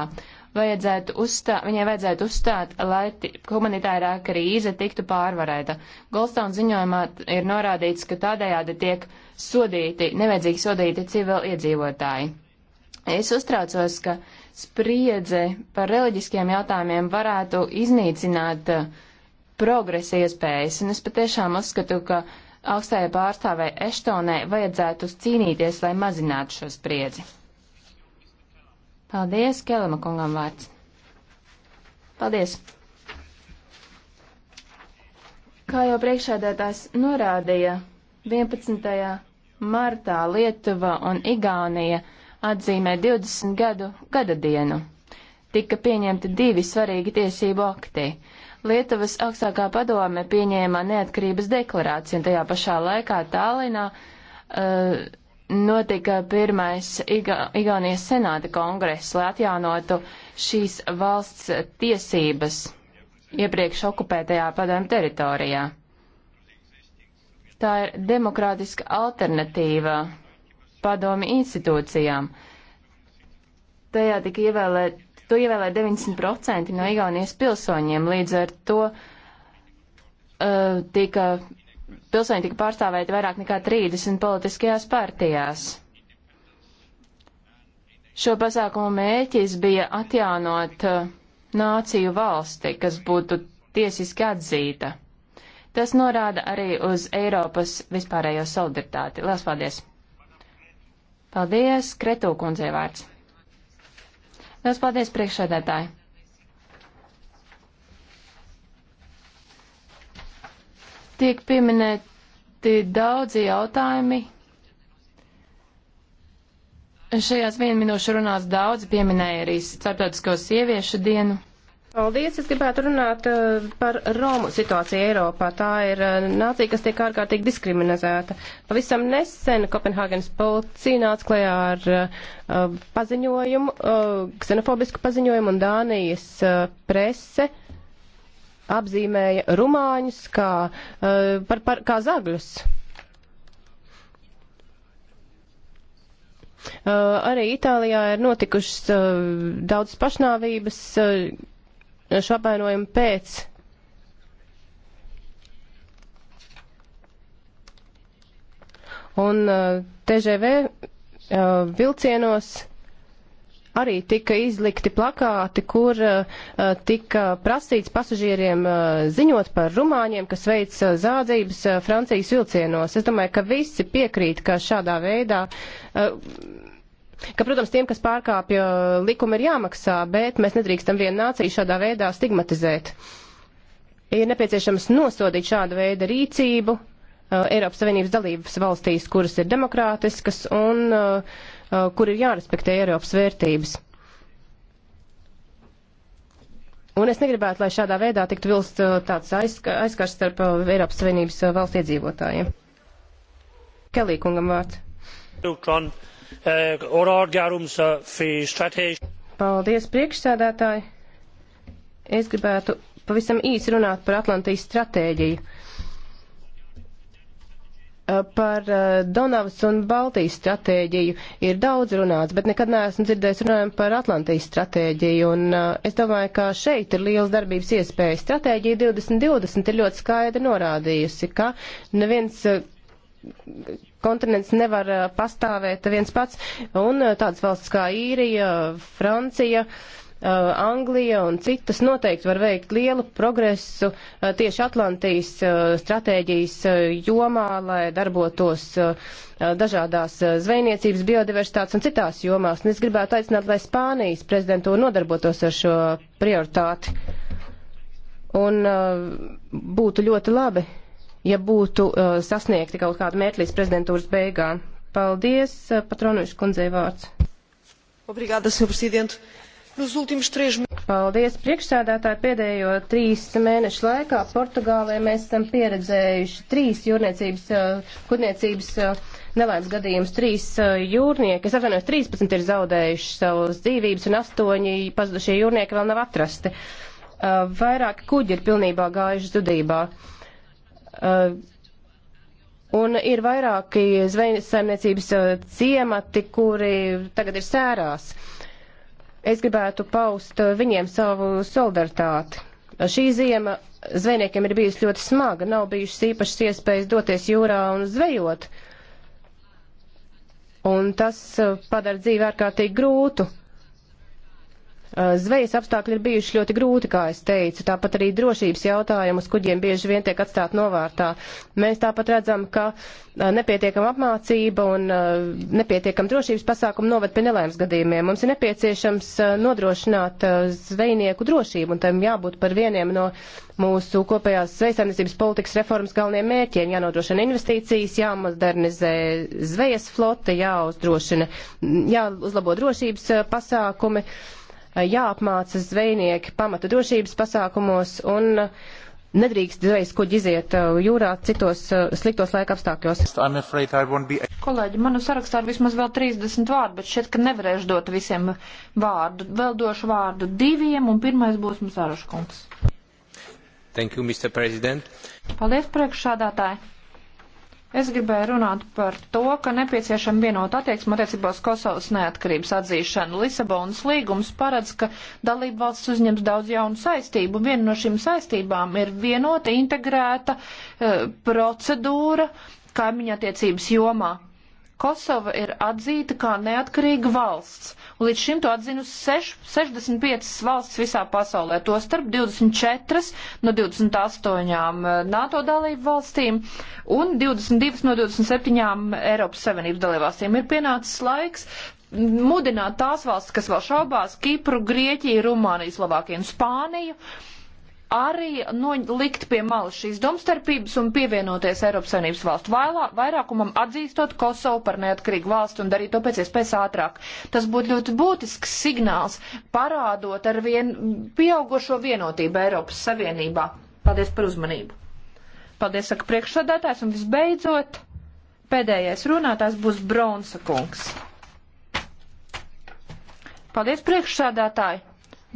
Vajadzētu uzstā, viņai vajadzētu uzstāt, lai humanitārā krīze tiktu pārvarēta. Goldstone ziņojumā ir norādīts, ka tādējādi tiek sodīti, nevajadzīgi sodīti civili iedzīvotāji. Es uztraucos, ka spriedze par reliģiskiem jautājumiem varētu iznīcināt uh, progresa iespējas, un es patiešām uzskatu, ka augstajai pārstāvei Eštonai vajadzētu cīnīties, lai mazinātu šo spriedzi. Paldies, Kelama kungam vārds. Paldies. Kā jau priekšādētājs norādīja, 11. martā Lietuva un Igaunija atzīmē 20 gadu gada dienu. Tika pieņemti divi svarīgi tiesību akti. Lietuvas augstākā padome pieņēma neatkarības deklarāciju, un tajā pašā laikā Tallinā uh, notika pirmais Iga Igaunijas senāta kongress, lai atjaunotu šīs valsts tiesības iepriekš okupētajā padomu teritorijā. Tā ir demokrātiska alternatīva padomi institūcijām. Tajā tika ievēlēt, to ievēlē 90% no Igaunijas pilsoņiem, līdz ar to uh, tika pilsoņi tika pārstāvēti vairāk nekā 30 politiskajās partijās. Šo pasākumu mēķis bija atjaunot uh, nāciju valsti, kas būtu tiesiski atzīta. Tas norāda arī uz Eiropas vispārējo solidaritāti. Lielas paldies! Paldies, Kretū kundzei vārds. Lielas paldies, priekšsēdētāji! Tiek pieminēti daudzi jautājumi. Šajās vienminūšu runās daudz pieminēja arī starptautisko sieviešu dienu. Paldies! Es gribētu runāt uh, par Romu situāciju Eiropā. Tā ir uh, nācija, kas tiek ārkārtīgi diskriminēta. Pavisam nesen Kopenhāgenes policija nāca klajā ar uh, paziņojumu, ksenofobisku paziņojumu, un Dānijas prese apzīmēja rumāņus kā, eh, par, par, kā zagļus. Eh, arī Itālijā ir notikušas eh, daudz pašnāvības šo apvainojumu pēc un uh, TGV uh, vilcienos arī tika izlikti plakāti, kur uh, tika prasīts pasažieriem uh, ziņot par rumāņiem, kas veic uh, zādzības uh, Francijas vilcienos. Es domāju, ka visi piekrīt, ka šādā veidā. Uh, Ka, protams, tiem, kas pārkāpja likumu, ir jāmaksā, bet mēs nedrīkstam vienu nāciju šādā veidā stigmatizēt. Ir nepieciešams nosodīt šādu veidu rīcību, Eiropas Savienības dalības valstīs, kuras ir demokrātiskas, un uh, Uh, kur ir jārespektē Eiropas vērtības. Un es negribētu, lai šādā veidā tiktu vilst uh, tāds aizskars starp uh, Eiropas Savienības valsts iedzīvotājiem. Kelī kungam vārds. Paldies, priekšsēdētāji. Es gribētu pavisam īsi runāt par Atlantijas stratēģiju. Eh, par eh, Donavas un Baltijas stratēģiju ir daudz runāts, bet nekad neesmu dzirdējis runājumu par Atlantijas stratēģiju. Un eh, es domāju, ka šeit ir liels darbības iespējas. Stratēģija 2020 ir ļoti skaidri norādījusi, ka neviens kontinents nevar pastāvēt viens pats, un tādas valsts kā īrija, Francija, uh, Uh, Anglija un citas noteikti var veikt lielu progresu uh, tieši Atlantijas uh, stratēģijas jomā, lai darbotos dažādās zvejniecības, biodiversitātes un citās jomās. Un es gribētu aicināt, lai Spānijas prezidento nodarbotos ar šo prioritāti. Un būtu ļoti labi, ja būtu sasniegti kaut kādi mērķi līdz prezidentūras beigām. Paldies, Patronuša kundzei vārds. Obrigada, Sr. Presidente. Nos últimos três meses. Paldies, priekšsēdētāji. Pēdējo trīs mēnešu laikā Portugālē mēs esam pieredzējuši trīs jūrniecības, eh, kurniecības eh, nelaimes gadījumus. Trīs eh, jūrnieki, es atvainojos, 13 ir zaudējuši savus dzīvības un astoņi pazudušie jūrnieki vēl nav atrasti. Vairāk kuģi ir pilnībā gājuši zudībā. Un ir vairāki zvejniecības ciemati, kuri tagad ir sērās. Uh, Es gribētu paust eh, viņiem savu solidaritāti. Šī ziema zvejniekiem ir bijusi ļoti smaga, nav bijušas īpašas iespējas doties jūrā un zvejot. Un tas eh, padara dzīvi ārkārtīgi grūtu. Eh, zvejas apstākļi ir bijuši ļoti grūti, kā es teicu, tāpat arī drošības jautājumus kuģiem bieži vien tiek atstāt novārtā. Mēs tāpat redzam, ka eh, nepietiekama apmācība un eh, nepietiekama drošības pasākuma noved pie nelēmas gadījumiem. Mums ir nepieciešams nodrošināt zvejnieku drošību un tam jābūt par vieniem no mūsu kopējās zvejsaimniecības politikas reformas galveniem mērķiem. Jānodrošina investīcijas, jāmodernizē zvejas flote, jāuzdrošina, jāuzlabo drošības pasākumi jāapmāca zvejnieki pamata drošības pasākumos un nedrīkst zvejas kuģi iziet uh, jūrā citos uh, sliktos laika apstākļos. Be... Kolēģi, manu sarakstā ir vismaz vēl 30 vārdu, bet šķiet, ka nevarēšu dot visiem vārdu. Vēl došu vārdu diviem, un pirmais būs mums Araškungs. Thank you, Mr. President. Paldies, priekšsādātāji. Es gribēju runāt par to, ka nepieciešama vienota attieksme attiecībā uz Kosovas neatkarības atzīšanu. Lisabonas līgums paredz, ka dalība valsts uzņems daudz jaunu saistību. Viena no šīm saistībām ir vienota integrēta e, procedūra kaimiņa attiecības jomā. Kosova ir atzīta kā neatkarīga valsts, un līdz šim to atzinusi seš, 65 valsts visā pasaulē, to starp 24 no 28 eh, NATO dalību valstīm un 22 no 27 Eiropas Savienības dalību valstīm. Ir pienācis laiks mudināt tās valsts, kas vēl šaubās, Kipru, Grieķiju, Rumāniju, Slovākiju un Spāniju arī nolikt pie malas šīs domstarpības un pievienoties Eiropas Savienības valstu Vailā, vairākumam, atzīstot Kosovu par neatkarīgu valstu un darīt to pēc iespējas ātrāk. Tas būtu ļoti būtisks signāls, parādot ar vien pieaugošo vienotību Eiropas Savienībā. Paldies par uzmanību. Paldies, saka priekšsādātājs, un visbeidzot, pēdējais runātājs būs Bronsa kungs. Paldies, priekšsādātāji!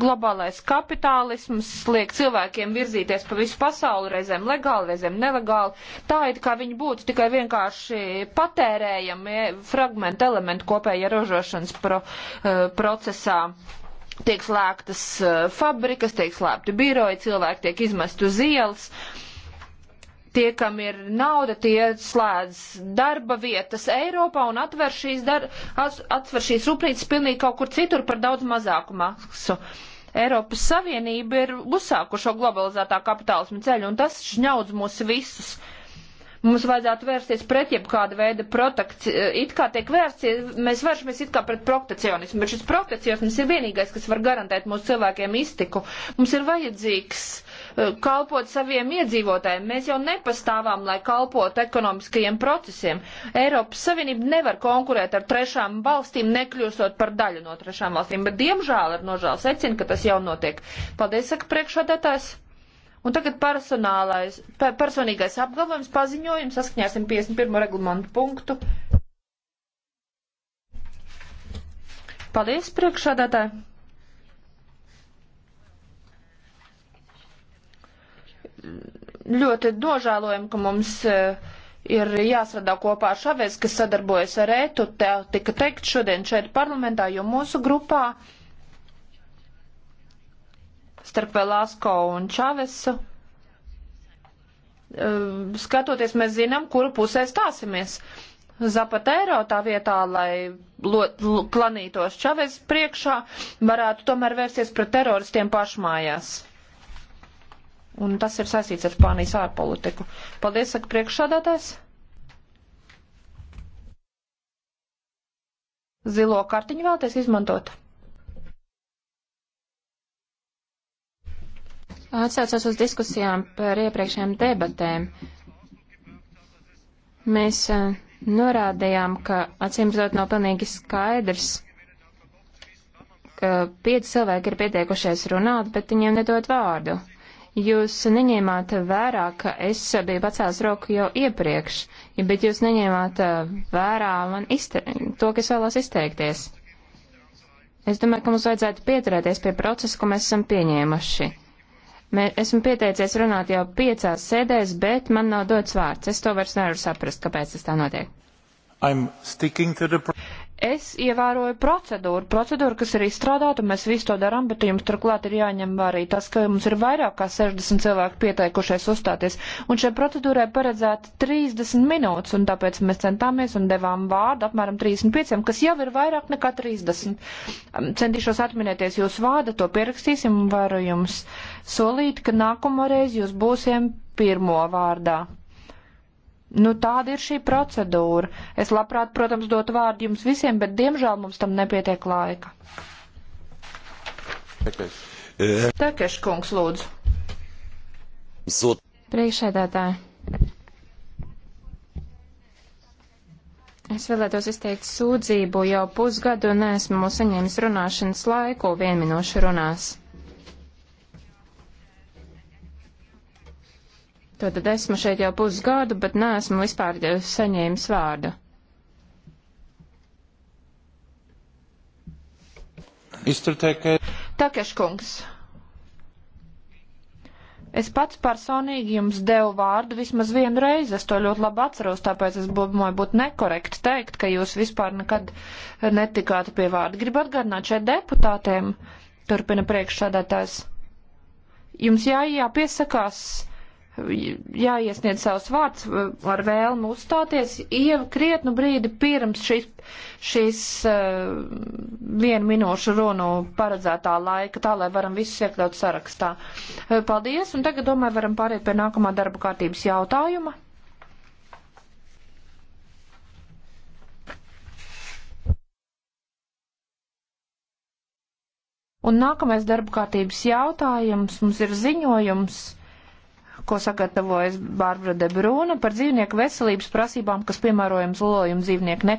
Globālais kapitālisms liek cilvēkiem virzīties pa visu pasauli, reizēm legāli, reizēm nelegāli. Tā it kā viņi būtu tikai vienkārši patērējami fragmenti elementi kopēja ražošanas pro, uh, procesā tiek slēgtas eh, fabrikas, tiek slēgti biroji, cilvēki tiek izmest uz ielas. Uh, tie, kam ir nauda, tie slēdz darba vietas Eiropā un atver šīs, dar, atver šīs rūpnīcas pilnīgi kaut kur citur par daudz mazāku maksu. Eiropas Savienība ir uzsākušo globalizētā kapitālismu ceļu, un tas šņaudz mūs visus. Mums vajadzētu vērsties pret jebkāda veida protekciju. It kā tiek vērsties, mēs vēršamies it kā pret protekcionismu, bet šis protekcionisms ir vienīgais, kas var garantēt mūsu cilvēkiem iztiku. Mums ir vajadzīgs kalpot saviem iedzīvotājiem. Mēs jau nepastāvām, lai kalpotu ekonomiskajiem procesiem. Eiropas Savienība nevar konkurēt ar trešām valstīm, nekļūstot par daļu no trešām valstīm, bet diemžēl ar nožēlu secinu, ka tas jau notiek. Paldies, saka priekšādātājs. Un tagad personālais, personīgais apgalvojums, paziņojums, saskaņāsim 51. reglamentu punktu. Paldies, priekšādātāji! ļoti nožēlojam, ka mums e, ir jāsadā kopā ar Šavēs, kas sadarbojas ar ētu, te tika teikt šodien šeit parlamentā, jo mūsu grupā starp Velasko un Čavesu. E, skatoties, mēs zinām, kuru pusē stāsimies. Zapatero tā vietā, lai lo, lo, klanītos Čaves priekšā, varētu tomēr vērsties pret teroristiem pašmājās. Un tas ir saistīts ar Spānijas ārpolitiku. Paldies, saka priekšsādātājs. Zilo kartiņu vēlaties izmantot? Atsaucos uz diskusijām par iepriekšējām debatēm. Mēs uh, norādījām, ka acīmzot nav pilnīgi skaidrs, ka pieci cilvēki ir pieteikušies runāt, bet viņiem nedod vārdu. Jūs neņēmāt vērā, ka es biju pacēlis roku jau iepriekš, bet jūs neņēmāt uh, vērā man izte... to, kas vēlos izteikties. Es domāju, ka mums vajadzētu pieturēties pie procesa, ko mēs esam pieņēmuši. Mē, esmu pieteicies runāt jau piecās sēdēs, bet man nav dots vārds. Es to vairs nevaru saprast, kāpēc tas tā notiek. The es ievēroju procedūru, procedūru, kas ir izstrādāta, un mēs visu to darām, bet jums turklāt ir jāņem arī tas, ka mums ir vairāk kā 60 cilvēku pieteikušies uzstāties, un šai procedūrai paredzēta 30 minūtes, un tāpēc mēs centāmies un devām vārdu apmēram 35, kas jau ir vairāk nekā 30. Um, centīšos atminēties jūsu vārdu, to pierakstīsim, varu jums solīt, ka nākamoreiz jūs būsim pirmo vārdā. Nu, tāda ir šī procedūra. Es labprāt, protams, dotu vārdu jums visiem, bet diemžēl mums tam nepietiek laika. Tekeš kungs, lūdzu. Priekšēdētāji. Es vēlētos izteikt sūdzību, jau pusgadu nesmu saņēmis runāšanas laiku vienminošu runās. Tātad esmu šeit jau pusgadu, bet neesmu vispār saņēmis vārdu. Takeškungs, es pats personīgi jums devu vārdu vismaz vienu reizi, es to ļoti labi atceros, tāpēc es domāju, būtu nekorekti teikt, ka jūs vispār nekad netikātu pie vārda. Gribu atgādināt šeit deputātiem, turpina priekšsādātājs. Jums jā, jāpiesakās jāiesniedz savus vārdus ar vēlmu uzstāties, jau krietnu brīdi pirms šīs, šīs uh, eh, vienu minūšu runu paredzētā laika, tā lai varam visus iekļaut sarakstā. Eh, paldies, un tagad, domāju, varam pāriet pie nākamā darba kārtības jautājuma. Un nākamais darba kārtības jautājums mums ir ziņojums ko sagatavojas Bārbara de Brūna par dzīvnieku veselības prasībām, kas piemērojams lolojumu dzīvnieku nekā.